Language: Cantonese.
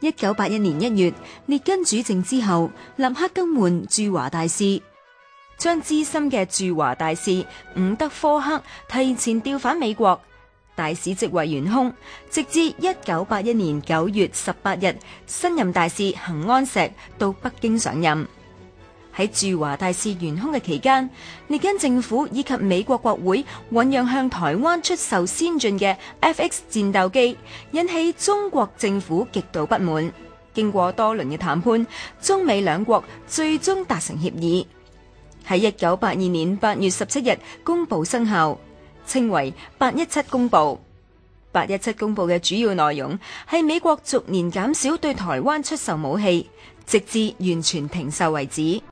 一九八一年一月，列根主政之後，立刻更換駐華大使，將資深嘅駐華大使伍德科克提前調返美國，大使職位懸空，直至一九八一年九月十八日，新任大使恒安石到北京上任。喺駐華大使懸空嘅期間，列根政府以及美國國會醞釀向台灣出售先進嘅 F-X 戰鬥機，引起中國政府極度不滿。經過多輪嘅談判，中美兩國最終達成協議，喺一九八二年八月十七日公佈生效，稱為817《八一七公佈》。《八一七公佈》嘅主要內容係美國逐年減少對台灣出售武器，直至完全停售為止。